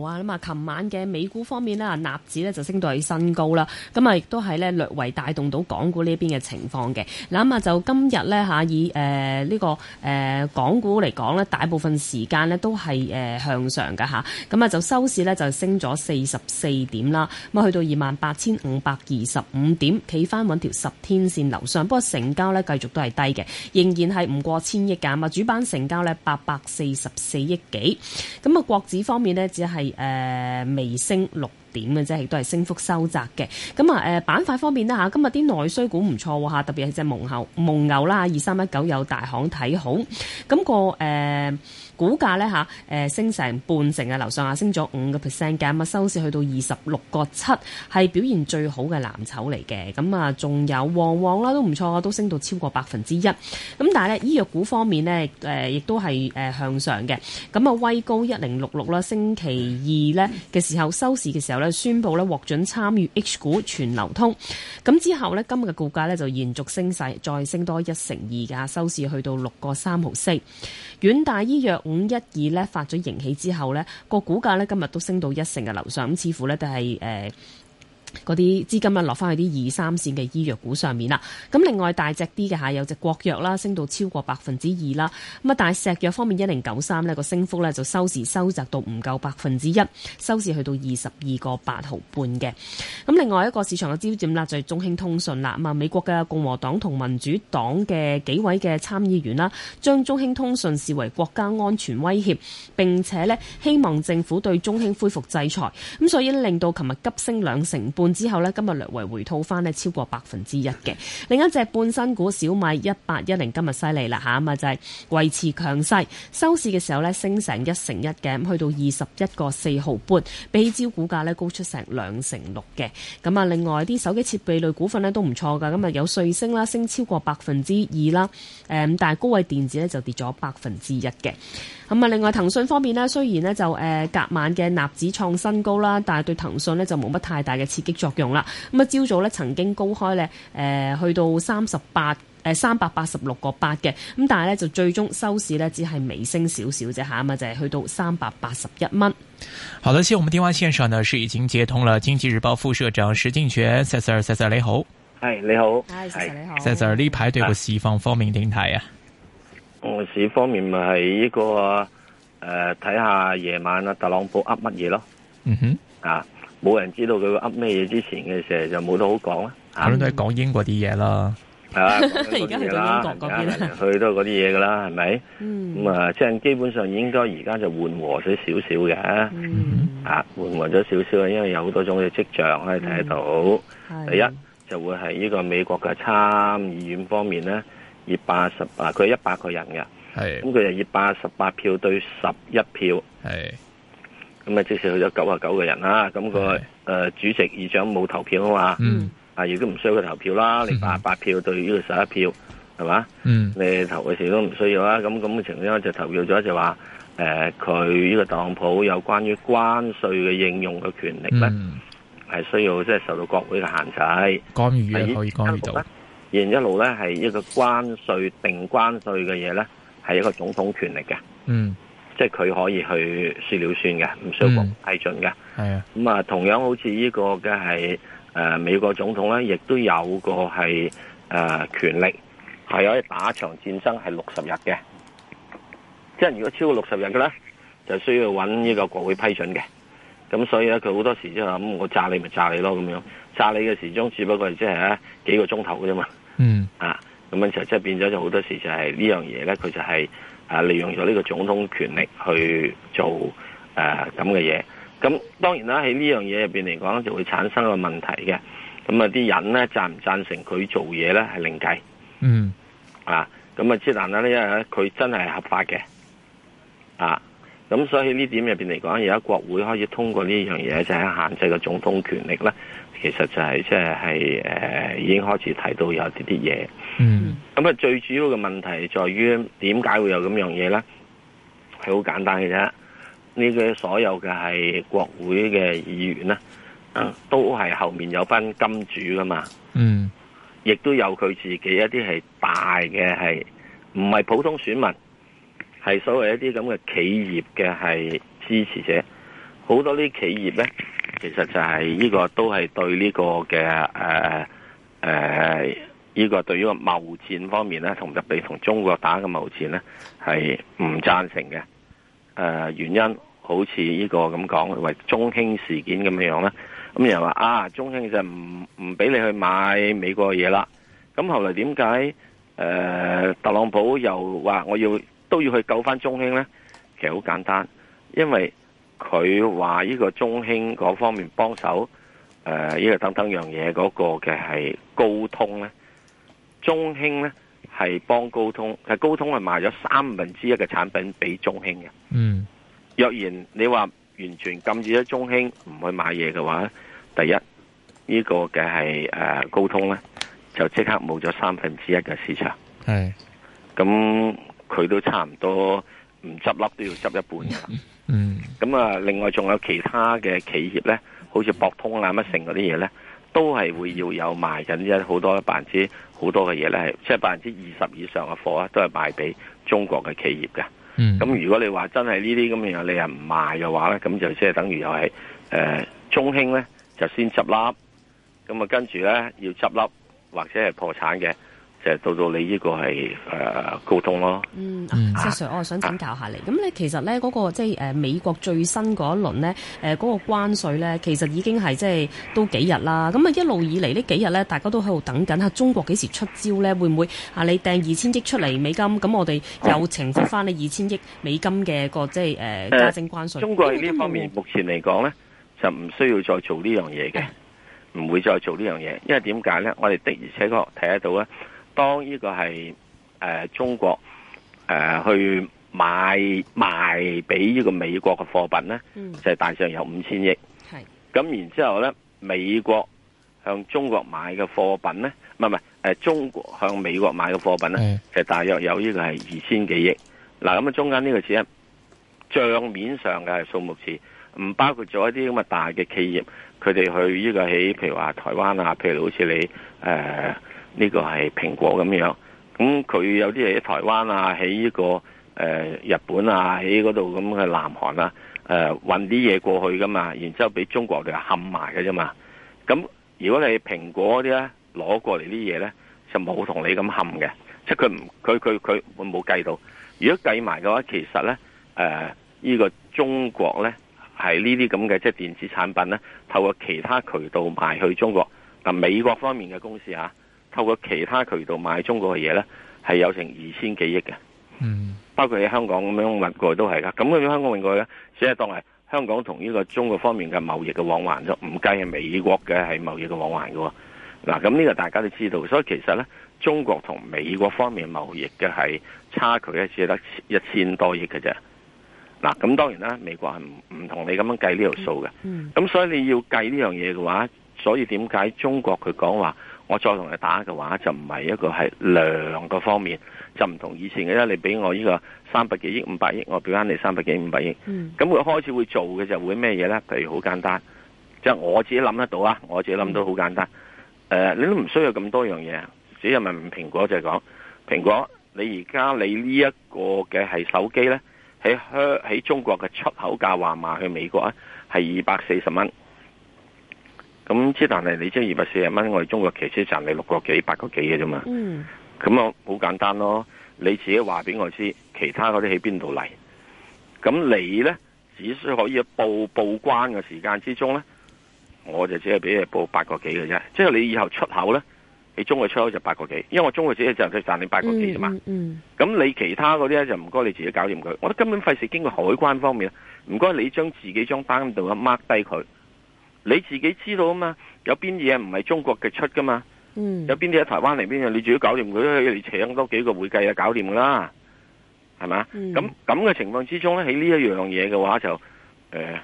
啊，咁啊，琴晚嘅美股方面咧，納指咧就升到去新高啦，咁啊亦都係咧略為帶動到港股呢邊嘅情況嘅。嗱咁啊，就今日呢，嚇以誒呢個誒、呃、港股嚟講咧，大部分時間咧都係誒向上㗎嚇，咁啊就收市咧就升咗四十四點啦，咁啊去到二萬八千五百二十五點，企翻揾條十天線樓上。不過成交咧繼續都係低嘅，仍然係唔過千億㗎，啊主板成交咧八百四十四億幾，咁啊國指方面呢，只係。係誒、呃、微升六點嘅啫，亦都係升幅收窄嘅。咁啊誒板塊方面啦，吓，今日啲內需股唔錯喎吓，特別係隻蒙牛、蒙牛啦二三一九有大行睇好。咁、個誒。呃股價呢，吓，誒升成半成啊，樓上下升咗五個 percent 價，咁啊，收市去到二十六個七，係表現最好嘅藍籌嚟嘅。咁啊，仲有旺旺啦，都唔錯，都升到超過百分之一。咁但係呢，醫藥股方面呢，誒亦都係誒向上嘅。咁啊，威高一零六六啦，星期二呢嘅時候收市嘅時候呢，宣佈呢獲准參與 H 股全流通。咁之後呢，今日嘅股價呢，就延續升勢，再升多一成二噶，收市去到六個三毫四。遠大醫藥五一二，咧發咗盈喜之後呢個股價呢今日都升到一成嘅樓上，咁似乎呢都係誒。呃嗰啲資金啊，落翻去啲二三線嘅醫藥股上面啦。咁另外大隻啲嘅下有隻國藥啦，升到超過百分之二啦。咁啊，但係石藥方面一零九三呢個升幅呢，就收市收窄到唔夠百分之一，收市去到二十二個八毫半嘅。咁另外一個市場嘅焦點啦，就係中興通訊啦。咁啊，美國嘅共和黨同民主黨嘅幾位嘅參議員啦，將中興通訊視為國家安全威脅，並且呢希望政府對中興恢復制裁。咁所以令到琴日急升兩成半。半之後呢，今日略為回吐翻呢超過百分之一嘅。另一隻半新股小米一八一零今日犀利啦吓，咁啊就係、是、維持強勢，收市嘅時候呢升成一成一嘅，咁去到二十一個四毫半，比招股價呢高出成兩成六嘅。咁啊，另外啲手機設備類股份呢都唔錯噶，咁啊有瑞聲啦，升超過百分之二啦，但係高位電子呢就跌咗百分之一嘅。咁啊，另外騰訊方面呢，雖然呢就誒、呃、隔晚嘅納指創新高啦，但係對騰訊呢就冇乜太大嘅刺激作用啦，咁啊，朝早咧曾經高開咧，誒、呃，去到三十八誒三百八十六個八嘅，咁但係咧就最終收市咧只係微升少少啫吓，嘛、啊、就係、是、去到三百八十一蚊。好的，先我們電話線上呢是已經接通了經濟日報副社長石鏡泉 Sir Sir Sir 你好，係你好，係你好 s i Sir 呢排對個市況方面點睇啊？啊我市方面咪係呢個誒睇下夜晚啊特朗普噏乜嘢咯，嗯、mm-hmm. 哼啊。冇人知道佢噏咩嘢之前嘅時候，就冇得好講啦，下輪都係講英國啲嘢啦，係啊，去 都係嗰啲嘢啦，係咪？咁、嗯、啊，即、嗯、係、嗯就是、基本上應該而家就緩和咗少少嘅，啊，緩和咗少少啊，因為有好多種嘅跡象可以睇到、嗯。第一是就會係呢個美國嘅參議院方面咧，以八十八佢一百個人嘅，咁佢、嗯、就以八十八票對十一票。咁咪即使去咗九啊九嘅人啦，咁、個誒主席、議長冇投票啊嘛，啊如果唔需要佢投票啦，你八八票對呢個十一票係嘛、嗯嗯，你投嘅時都唔需要啦。咁咁嘅情況就投票咗就話，誒佢呢個當鋪有關於關稅嘅應用嘅權力咧，係、嗯、需要即係、就是、受到國會嘅限制、干預可以干預到。而一路咧係一,一個關稅定關稅嘅嘢咧，係一個總統權力嘅。嗯即係佢可以去說了算嘅，唔需要國會批准嘅。係、嗯、啊，咁啊，同樣好似呢個嘅係誒，美國總統咧，亦都有個係誒、呃、權力，係可以打場戰爭係六十日嘅。即係如果超過六十日嘅咧，就需要搵呢個國會批准嘅。咁所以咧，佢好多時就諗、嗯，我炸你咪炸你咯，咁樣炸你嘅時鐘只不過係即係幾個鐘頭嘅啫嘛。嗯。啊，咁樣就即係變咗就好多時就係呢樣嘢咧，佢就係、是。啊！利用咗呢個總統權力去做誒咁嘅嘢，咁、呃、當然啦，喺呢樣嘢入邊嚟講，就會產生一個問題嘅。咁啊，啲人咧贊唔贊成佢做嘢咧，係另計。嗯，啊，咁啊，之難咧，因為佢真係合法嘅，啊。咁所以呢點入邊嚟講，而家國會可以通過呢樣嘢，就係限制個總統權力咧。其實就係即係，誒、就是呃、已經開始提到有啲啲嘢。嗯。咁啊，最主要嘅問題在於點解會有咁樣嘢咧？係好簡單嘅啫。呢個所有嘅係國會嘅議員咧，嗯，都係後面有返金主噶嘛。嗯。亦都有佢自己一啲係大嘅，係唔係普通選民。係所謂，一啲咁嘅企業嘅係支持者，好多啲企業咧，其實就係呢個都係對呢個嘅誒誒呢個對於個貿易戰方面咧，同特別同中國打嘅貿易戰咧，係唔贊成嘅。誒、啊、原因好似呢個咁講，為中興事件咁樣樣啦，咁人話啊，中興就唔唔俾你去買美國嘢啦。咁後來點解誒特朗普又話我要？都要去救返中興呢，其實好簡單，因為佢話呢個中興嗰方面幫手，誒呢個等等樣嘢嗰個嘅係高通呢，中興呢係幫高通，但係高通係賣咗三分之一嘅產品俾中興嘅。嗯，若然你話完全禁止咗中興唔去買嘢嘅話，第一呢個嘅係誒高通呢就即刻冇咗三分之一嘅市場。係，咁。佢都差唔多唔執笠都要執一半嘅啦。嗯，咁啊，另外仲有其他嘅企業咧，好似博通啊、乜成嗰啲嘢咧，都係會要有賣緊一好多百分之好多嘅嘢咧，係即係百分之二十以上嘅貨啊，都係賣俾中國嘅企業嘅。嗯，咁如果你話真係呢啲咁嘅嘢，你又唔賣嘅話咧，咁就即係等於又係誒中興咧，就先執笠，咁啊跟住咧要執笠或者係破產嘅。到到你呢個係誒溝通咯。嗯 Sir 我想請教下你。咁咧，其實咧嗰、那個即係誒美國最新嗰一輪咧，誒、那、嗰個關稅咧，其實已經係即係都幾日啦。咁啊一路以嚟呢幾日咧，大家都喺度等緊下中國幾時出招咧？會唔會啊？你掟二千億出嚟美金，咁我哋又懲罰翻你二千億美金嘅、那個即係誒、呃、加徵關稅？中國喺呢方面目前嚟講咧， 就唔需要再做呢樣嘢嘅，唔 會再做呢樣嘢，因為點解咧？我哋的而且確睇得到咧。當呢個係誒、呃、中國誒、呃、去買賣俾呢個美國嘅貨品咧、嗯，就係大約有五千億。係咁然之後咧，美國向中國買嘅貨品咧，唔係唔係誒中國向美國買嘅貨品咧，就大約有呢個係二千幾億。嗱咁啊，中間呢個錢，賬面上嘅係數目字唔包括咗一啲咁嘅大嘅企業，佢哋去呢個喺譬如話台灣啊，譬如好似你誒。呃呢、這個係蘋果咁樣，咁佢有啲喺台灣啊，喺呢、這個誒、呃、日本啊，喺嗰度咁嘅南韓啊，誒運啲嘢過去噶嘛，然之後俾中國佢哋冚埋嘅啫嘛。咁如果你蘋果啲咧，攞過嚟啲嘢咧，就冇同你咁冚嘅，即係佢唔佢佢佢會冇計到。如果計埋嘅話，其實咧誒呢、呃這個中國咧係呢啲咁嘅即係電子產品咧，透過其他渠道賣去中國。嗱，美國方面嘅公司啊。透過其他渠道買中國嘅嘢咧，係有成二千幾億嘅，嗯，包括喺香港咁樣運過嚟都係噶。咁佢喺香港運過嚟咧，只係當係香港同呢個中國方面嘅貿易嘅往還啫，唔計係美國嘅係貿易嘅往還噶。嗱，咁呢個大家都知道，所以其實咧，中國同美國方面貿易嘅係差距只係得一千多億嘅啫。嗱，咁當然啦，美國係唔唔同你咁樣計呢條數嘅，嗯，咁所以你要計呢樣嘢嘅話，所以點解中國佢講話？我再同你打嘅話，就唔係一個係兩個方面，就唔同以前嘅。你俾我呢個三百幾億、五百億，我俾翻你三百幾五百億。咁佢開始會做嘅就會咩嘢呢？譬如好簡單，即係我自己諗得到啊，我自己諗到好簡單。誒，你都唔需要咁多樣嘢，只要問蘋果就係講蘋果，你而家你呢一個嘅係手機呢？喺香喺中國嘅出口價話賣去美國啊，係二百四十蚊。咁即但係你即係二百四十蚊，我哋中國騎車賺你六個幾、八個幾嘅啫嘛。咁我好簡單咯，你自己話俾我知，其他嗰啲喺邊度嚟。咁你呢,只需要可以報報關嘅時間之中呢，我就只係俾你報八個幾嘅啫。即係你以後出口呢，你中國出口就八個幾，因為我中國自己就賺你八個幾啫嘛。咁、嗯嗯嗯、你其他嗰啲咧就唔該你自己搞掂佢。我覺得根本費事經過海關方面，唔該你將自己張單度啊 mark 低佢。你自己知道啊嘛，有邊啲嘢唔係中國嘅出噶嘛？嗯、有邊啲喺台灣嚟邊嘅，你自己搞掂佢，你請多幾個會計啊，搞掂噶啦，係、嗯、咪？咁咁嘅情況之中咧，喺呢一樣嘢嘅話就誒、呃、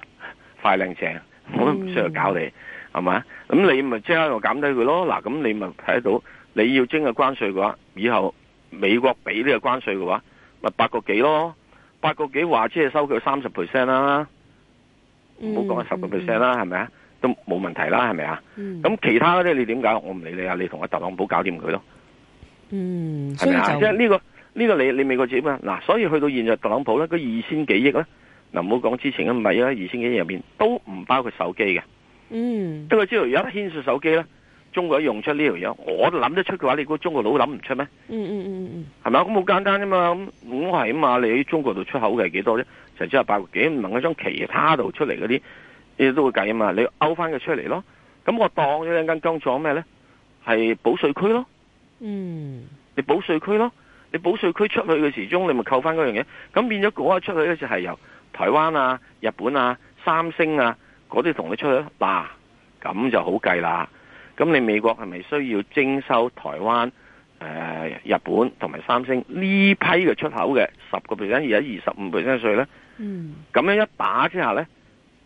快靚正，我都唔需要搞你，係、嗯、咪？咁你咪即刻度減低佢咯。嗱，咁你咪睇得到，你要徵嘅關稅嘅話，以後美國俾呢個關稅嘅話，咪八個幾咯？八個幾話即係收佢三十 percent 啦，唔好講係十個 percent 啦，係咪啊？都冇問題啦，係咪啊？咁、嗯、其他咧，你點解？我唔理你啊，你同阿特朗普搞掂佢咯。嗯，係咪啊？即係呢個呢、呢個你你美國做咩？嗱，所以去到現在特朗普咧，佢二千幾億咧，嗱，唔好講之前啊，唔係啊，二千幾億入邊都唔包括手機嘅。嗯，因為之後有一牽涉手機咧，中國用出呢條嘢，我諗得出嘅話，你估中國佬諗唔出咩？嗯嗯嗯，係咪咁好簡單啫嘛，咁我係啊嘛，你喺中國度出口嘅係幾多咧？甚至係百幾，唔能夠將其他度出嚟嗰啲。你都會計啊嘛！你要勾翻佢出嚟咯，咁我當咗兩間工廠咩咧？係保稅區咯。嗯，你保稅區咯，你保稅區出去嘅時鐘，你咪扣翻嗰樣嘢。咁變咗講啊，出去嘅時係由台灣啊、日本啊、三星啊嗰啲同你出去啦，咁、嗱、就好計啦。咁你美國係咪需要徵收台灣、呃、日本同埋三星呢批嘅出口嘅十個 percent 而家二十五 percent 稅咧？嗯，咁樣一打之下咧？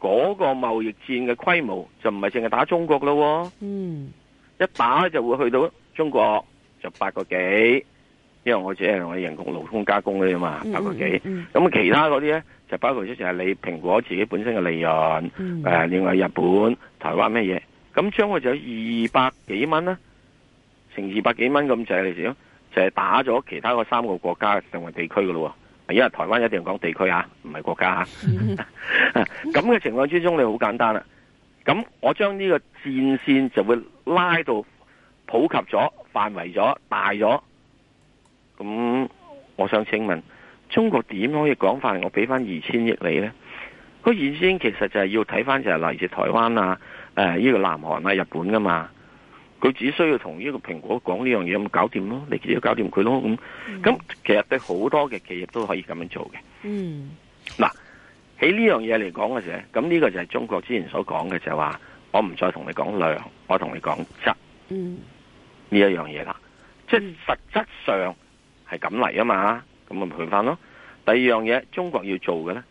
嗰、嗰個貿易戰嘅規模就唔係淨係打中國咯，嗯，一打就會去到中國就八個幾，因為我只係我人工勞通加工嗰啲嘛，八個幾，咁其他嗰啲咧，就包括咗就係你蘋果自己本身嘅利潤，誒，另外日本、台灣咩嘢，咁將佢就二百幾蚊啦，成二百幾蚊咁就係你咯，就係打咗其他個三個國家嘅境外地區噶咯。因為台灣一定要講地區啊，唔係國家啊。咁 嘅情況之中，你好簡單啦、啊。咁我將呢個戰線就會拉到普及咗、範圍咗、大咗。咁我想請問，中國點可以講翻？我俾翻二千億你呢？個二千億其實就係要睇翻，就係嚟自台灣啊、誒呢個南韓啊、日本噶嘛。佢只需要同呢個蘋果講呢樣嘢咁搞掂咯，你自己搞掂佢咯咁。咁、嗯、其實對好多嘅企業都可以咁樣做嘅。嗯，嗱，喺呢樣嘢嚟講嘅時，咁呢個就係中國之前所講嘅就係話，我唔再同你講量，我同你講質。嗯，呢一樣嘢啦、嗯，即係實質上係咁嚟啊嘛，咁咪賠翻咯。第二樣嘢，中國要做嘅咧，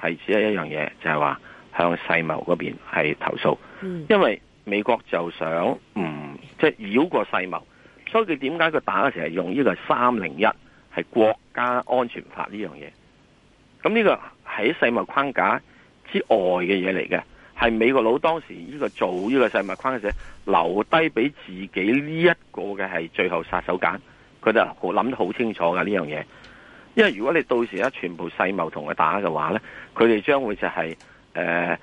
係只係一樣嘢，就係、是、話向世貿嗰邊係投訴、嗯。因為。美國就想唔，即係繞過世貿，所以佢點解佢打嘅時候係用呢個三零一係國家安全法呢樣嘢？咁呢個喺世貿框架之外嘅嘢嚟嘅，係美國佬當時呢個做呢個世貿框架嘅時候留低俾自己呢一個嘅係最後殺手鐧，佢就諗得好清楚噶呢樣嘢。因為如果你到時一全部世貿同佢打嘅話咧，佢哋將會就係、是、誒、呃、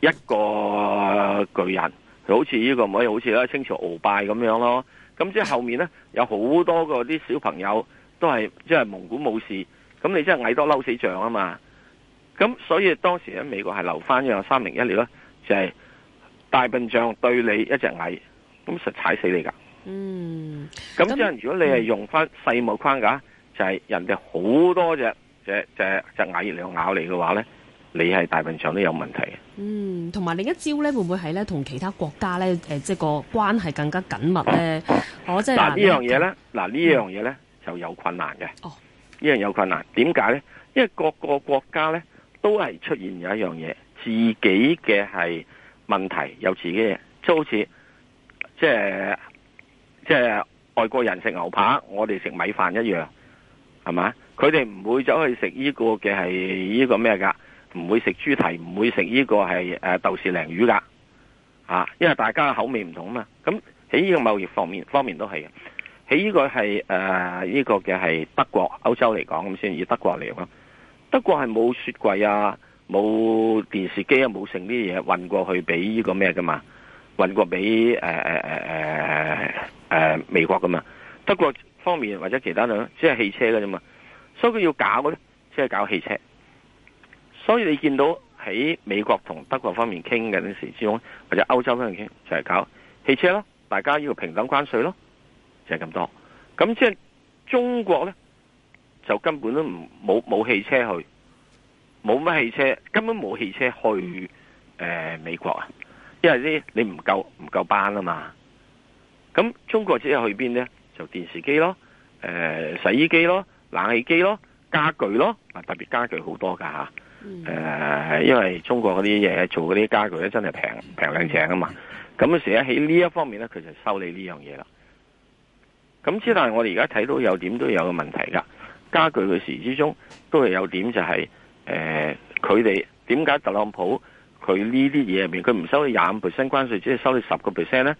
一個巨人。好似呢、呢個唔可以，好似咧清朝鰲拜咁樣咯。咁即係後面呢，有好多個啲小朋友都係即係蒙古武士。咁你即係蟻多嬲死象啊嘛。咁所以當時呢，美國係留翻一樣三零一嚟咧，就係、是、大笨象對你一隻蟻，咁實踩死你噶。嗯。咁即係、嗯、如果你係用翻細網框架，就係、是、人哋好多隻，隻隻，隻隻蟻嚟咬你嘅話呢。你係大笨象都有問題嘅。嗯，同埋另一招咧，會唔會係咧同其他國家咧誒、呃，即係個關係更加緊密咧？我即係嗱呢、嗯、樣嘢咧，嗱呢樣嘢咧就有困難嘅。哦、啊，呢樣有困難，點解咧？因為各個國家咧都係出現咗一樣嘢，自己嘅係問題，有自己嘅，即係好似即係即係外國人食牛扒、嗯，我哋食米飯一樣，係嘛？佢哋唔會走去食呢個嘅係呢個咩噶？唔會食豬蹄，唔會食呢個係誒豆豉鯪魚噶，啊，因為大家口味唔同嘛。咁喺呢個貿易方面方面都係嘅。喺呢個係誒呢個嘅係德國歐洲嚟講咁先。以德國嚟講，德國係冇雪櫃啊，冇電視機啊，冇剩啲嘢運過去俾呢個咩嘅嘛？運過俾誒誒誒誒誒美國噶嘛？德國方面或者其他啦，只係汽車嘅啫嘛。所以要搞咧，即係搞汽車。所以你見到喺美國同德國方面傾緊陣時之中，或者歐洲方面傾就係、是、搞汽車咯，大家要平等關稅咯，就係、是、咁多。咁即係中國咧，就根本都唔冇冇汽車去，冇乜汽車，根本冇汽車去誒、呃、美國啊，因為咧你唔夠唔夠班啊嘛。咁中國只係去邊咧？就電視機咯，誒、呃、洗衣機咯，冷氣機咯，家具咯，啊特別家具好多㗎吓。誒、嗯呃，因為中國嗰啲嘢做嗰啲家具咧，真係平平靚正啊嘛！咁所以喺呢一方面咧，佢就收你呢樣嘢啦。咁之但係我哋而家睇到有點都有個問題噶，家具嘅時之中都係有點就係、是、誒，佢哋點解特朗普佢呢啲嘢入邊佢唔收你廿五 percent 關稅，只係收你十個 percent 咧？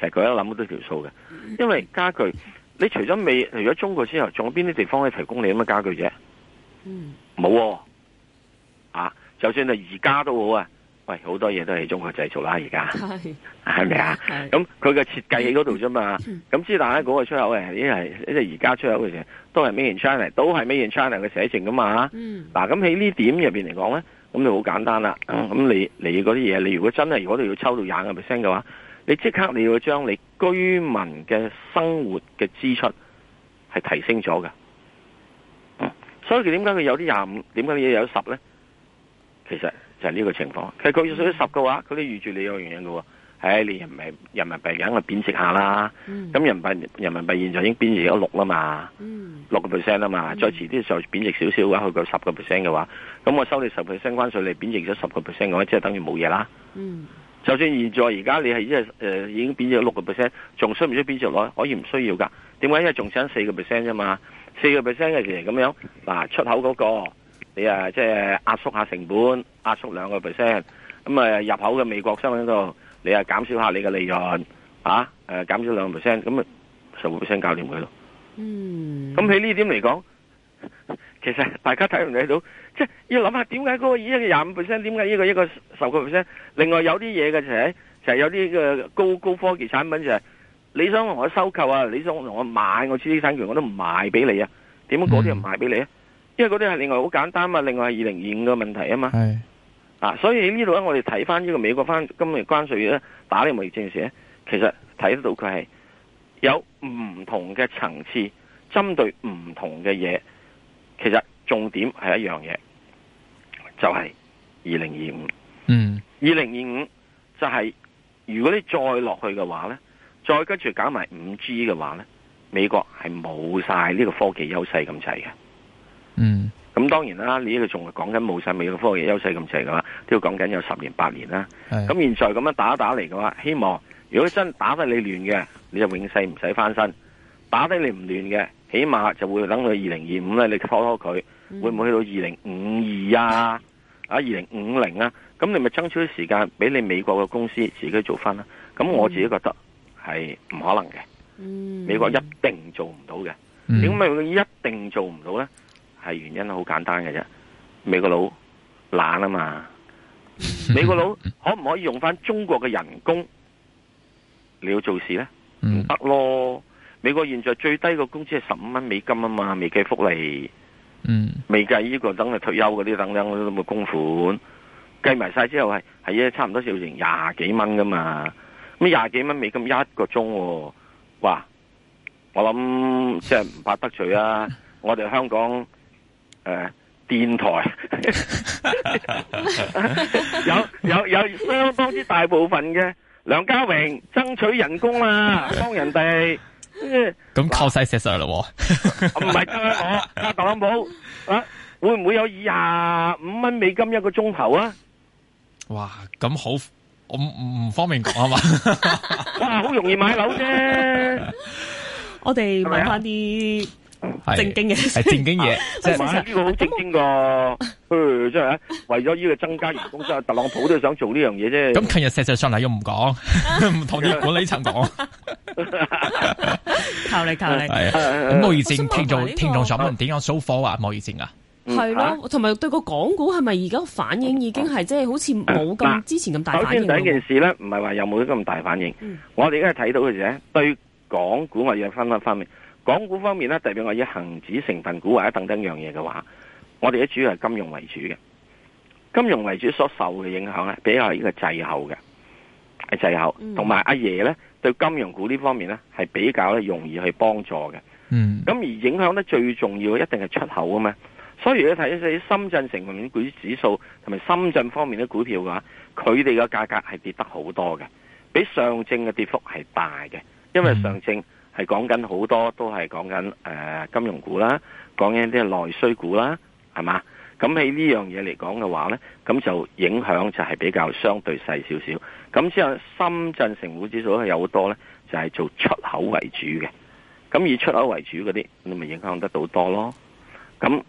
其實佢都諗好多條數嘅，因為家具，你除咗未除咗中國之後，仲有邊啲地方可以提供你咁嘅家具啫？嗯，冇、啊。就算係而家都好啊，喂，好多嘢都係中國製造啦，而家係咪啊？咁佢嘅設計喺嗰度啫嘛。咁 之但係嗰個出口嘅，因為即係而家出口嘅都係 Made in China，都係 Made in China 嘅寫成噶嘛。嗱、嗯，咁喺呢點入邊嚟講咧，咁就好簡單啦。咁、嗯、你你嗰啲嘢，你如果真係如果你要抽到廿五 percent 嘅話，你即刻你要將你居民嘅生活嘅支出係提升咗㗎、嗯。所以佢點解佢有啲廿五？點解你有十咧？其實就係呢個情況，佢佢稅十嘅話，佢、嗯、都預住你有原因嘅喎。唉、哎，你人民幣人民幣而家貶值下啦，咁、嗯、人民幣人民幣現在已經貶值咗六啦嘛，六個 percent 啦嘛，嗯、再遲啲就貶值少少嘅話，去到十個 percent 嘅話，咁我收你十個 percent 關稅，你貶值咗十個 percent 嘅話，即係等於冇嘢啦。就算現在而家你係即係誒，已經貶值咗六個 percent，仲需唔需要貶值攞？可以唔需要㗎，點解？因為仲差四個 percent 啫嘛，四個 percent 嘅時咁樣嗱、啊，出口嗰、那個。你啊，即係壓縮下成本，壓縮兩個 percent，咁啊入口嘅美國商品度，你啊減少下你嘅利潤啊，誒、呃、減少兩個 percent，咁啊十個 percent 搞掂佢咯。嗯，咁喺呢點嚟講，其實大家睇唔睇到，即係要諗下點解嗰個已經廿五 percent，點解呢個一個十個 percent？另外有啲嘢嘅就係就係有啲嘅高高科技產品就係、是，你想同我收購啊，你想同我買我知識產權，我都唔賣俾你啊，點解嗰啲唔賣俾你啊？嗯因為嗰啲係另外好簡單嘛，另外係二零二五嘅問題啊嘛。係啊，所以呢度咧，我哋睇翻呢個美國翻今日關稅咧，打呢個貿易戰時咧，其實睇得到佢係有唔同嘅層次，針對唔同嘅嘢，其實重點係一樣嘢，就係二零二五。嗯，二零二五就係如果你再落去嘅話咧，再跟住搞埋五 G 嘅話咧，美國係冇晒呢個科技優勢咁滯嘅。嗯，咁當然啦，你呢度仲係講緊冇晒美國科技優勢咁滯㗎啦，都要講緊有十年八年啦。咁現在咁樣打打嚟嘅話，希望如果真打得你亂嘅，你就永世唔使翻身；打得你唔亂嘅，起碼就會等到二零二五咧，你拖拖佢會唔會去到二零五二啊，嗯？啊，二零五零啊？咁你咪爭取啲時間俾你美國嘅公司自己做翻啦。咁我自己覺得係唔可能嘅，嗯，美國一定做唔到嘅。點、嗯、解一定做唔到呢？係原因好簡單嘅啫，美國佬懶啊嘛，美國佬可唔可以用翻中國嘅人工你要做事咧？唔、嗯、得咯，美國現在最低嘅工資係十五蚊美金啊嘛，未計福利，嗯，未計呢個等佢退休嗰啲等等咁嘅工款，計埋晒之後係係啊，差唔多少成廿幾蚊噶嘛，咁廿幾蚊美金一個鐘、啊，哇！我諗即係唔怕得罪啊， 我哋香港。誒、uh，電台 有有有相當之大部分嘅梁家榮爭取人工啦、啊，幫人哋咁靠晒石 Sir 咯，唔係真係我阿特朗普啊，會唔會有二十五蚊美金一個鐘頭啊？哇，咁好，我唔唔方便講 啊嘛，哇，好容易買樓啫， 我哋買翻啲。正經嘅，係正經嘢，即係呢、啊、個好正經個，即、啊、係、啊啊、為咗呢個增加員工，所特朗普都想做呢樣嘢啫。咁近日實質上嚟，又唔講，唔、啊啊啊、同啲管理層講，求你求你。莫以正聽眾聽眾想問點樣 show f a 啊？莫正係咯，同、啊、埋、啊啊啊啊、對個港股係咪而家反應已經係即係好似冇咁之前咁大反應？第一件事咧，唔係話有冇咁大反應，我哋而家睇到嘅嘢，對港股或者分等方面。港股方面咧，代表我以恒指成分股或者等等樣嘢嘅話，我哋咧主要係金融為主嘅，金融為主所受嘅影響咧，比較係呢個滯後嘅，係滯後。同埋阿爺咧，對金融股呢方面咧，係比較咧容易去幫助嘅。咁、嗯、而影響呢，最重要一定係出口啊嘛，所以如果睇睇深圳成分股指數同埋深圳方面啲股票嘅話，佢哋嘅價格係跌得好多嘅，比上證嘅跌幅係大嘅，因為上證。係講緊好多都係講緊誒金融股啦，講緊啲內需股啦，係嘛？咁喺呢樣嘢嚟講嘅話呢，咁就影響就係比較相對細少少。咁之後深圳成股指數有好多呢，就係做出口為主嘅。咁以出口為主嗰啲，你咪影響得到多咯。咁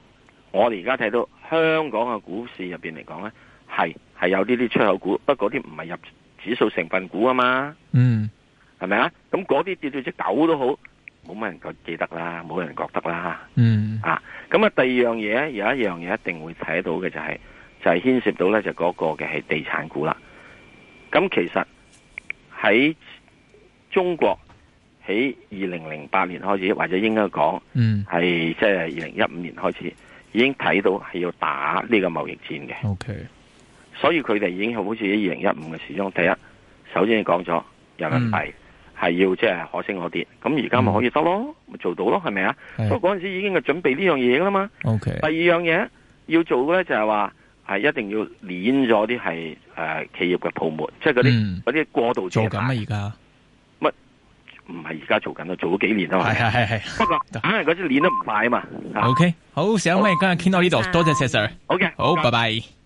我哋而家睇到香港嘅股市入邊嚟講呢，係係有呢啲出口股，不過啲唔係入指數成分股啊嘛。嗯。係咪啊？咁嗰啲跌到隻狗都好，冇乜人個記得啦，冇人覺得啦。嗯。啊，咁啊，第二樣嘢，有一樣嘢一定會睇到嘅就係、是，就係、是、牽涉到咧就嗰個嘅係地產股啦。咁其實喺中國喺二零零八年開始，或者應該講，嗯，係即係二零一五年開始，嗯，已經睇到係要打呢個貿易戰嘅。O K。所以佢哋已經好似喺二零一五嘅時候，第一，首先係講咗人民幣、嗯。係要即係可升可跌，咁而家咪可以得咯，咪，嗯、做到咯，係咪啊？不過嗰陣時已經係準備呢樣嘢噶啦嘛。O、okay、K。第二樣嘢要做嘅咧，就係話，係一定要鏈咗啲係誒企業嘅泡沫，即係嗰啲嗰啲過度做緊啊，而家乜唔係而家做緊啊，做咗幾年啊，啊， 啊嘛。係係係，不過因為嗰啲鏈都唔快啊嘛。O、okay, K，好，成日歡迎今日傾到呢度，多謝石 Sir。OK，好，拜拜。拜拜。